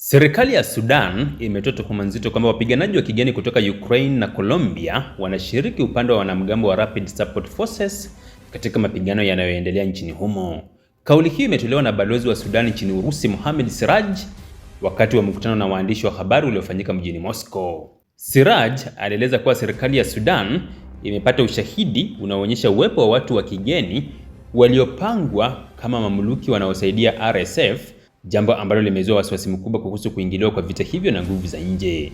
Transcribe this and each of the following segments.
Serikali ya Sudan imetoa tuhuma nzito kwamba wapiganaji wa kigeni kutoka Ukraine na Colombia wanashiriki upande wa wanamgambo wa Rapid Support Forces katika mapigano yanayoendelea nchini humo. Kauli hii imetolewa na balozi wa Sudan nchini Urusi, Mohamed Siraj, wakati wa mkutano na waandishi wa habari uliofanyika mjini Moscow. Siraj alieleza kuwa serikali ya Sudan imepata ushahidi unaoonyesha uwepo wa watu wa kigeni waliopangwa kama mamluki wanaosaidia RSF jambo ambalo limezua wasiwasi mkubwa kuhusu kuingiliwa kwa vita hivyo na nguvu za nje.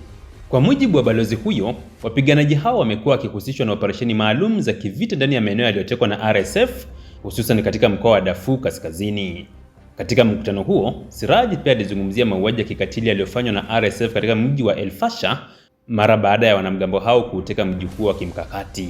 Kwa mujibu wa balozi huyo, wapiganaji hao wamekuwa wakihusishwa na operesheni maalum za kivita ndani ya maeneo yaliyotekwa na RSF hususan katika mkoa wa Darfur Kaskazini. Katika mkutano huo, siraj pia alizungumzia mauaji ya kikatili yaliyofanywa na RSF katika mji wa El mara baada ya wanamgambo hao kuuteka mji huo wa kimkakati.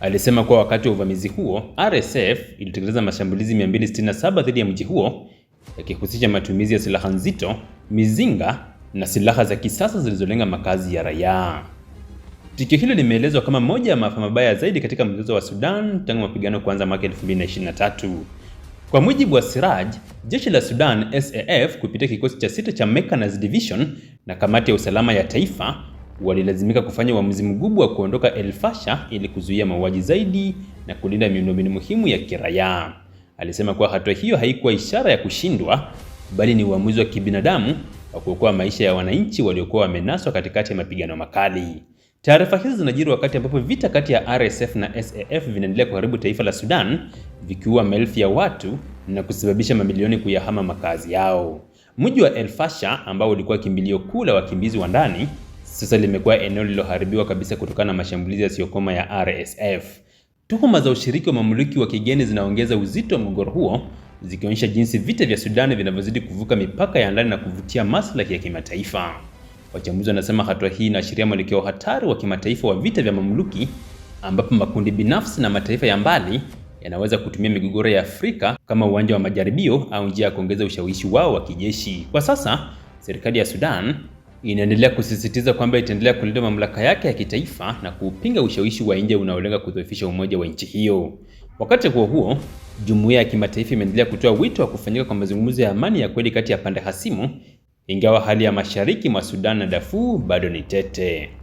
Alisema kuwa wakati wa uvamizi huo, RSF ilitekeleza mashambulizi 267 dhidi ya mji huo yakihusisha matumizi ya silaha nzito, mizinga na silaha za kisasa zilizolenga makazi ya raia. Tukio hilo limeelezwa kama moja ya maafa mabaya zaidi katika mzozo wa Sudan tangu mapigano kuanza mwaka 2023. Kwa mujibu wa Siraj, jeshi la Sudan SAF kupitia kikosi cha sita cha Mechanized Division na kamati ya usalama ya taifa walilazimika kufanya uamuzi mgumu wa kuondoka El ili kuzuia mauaji zaidi na kulinda miundombinu muhimu ya kiraia alisema kuwa hatua hiyo haikuwa ishara ya kushindwa, bali ni uamuzi wa kibinadamu wa kuokoa maisha ya wananchi waliokuwa wamenaswa katikati ya mapigano makali. Taarifa hizi zinajiri wakati ambapo vita kati ya RSF na SAF vinaendelea kuharibu taifa la Sudan, vikiua maelfu ya watu na kusababisha mamilioni kuyahama makazi yao. Mji wa El Fasher ambao ulikuwa kimbilio kuu la wakimbizi wa ndani, sasa limekuwa eneo lililoharibiwa kabisa kutokana na mashambulizi yasiyokoma ya RSF. Tuhuma za ushiriki wa mamluki wa kigeni zinaongeza uzito wa mgogoro huo, zikionyesha jinsi vita vya Sudani vinavyozidi kuvuka mipaka ya ndani na kuvutia maslahi ya kimataifa. Wachambuzi wanasema hatua hii inaashiria mwelekeo hatari wa kimataifa wa vita vya mamluki, ambapo makundi binafsi na mataifa ya mbali yanaweza kutumia migogoro ya Afrika kama uwanja wa majaribio au njia ya kuongeza ushawishi wao wa kijeshi. Kwa sasa serikali ya Sudan inaendelea kusisitiza kwamba itaendelea kulinda mamlaka yake ya kitaifa na kuupinga ushawishi wa nje unaolenga kudhoofisha umoja wa nchi hiyo. Wakati huo huo, jumuiya ya kimataifa imeendelea kutoa wito wa kufanyika kwa mazungumzo ya amani ya kweli kati ya pande hasimu, ingawa hali ya mashariki mwa Sudan na Darfur bado ni tete.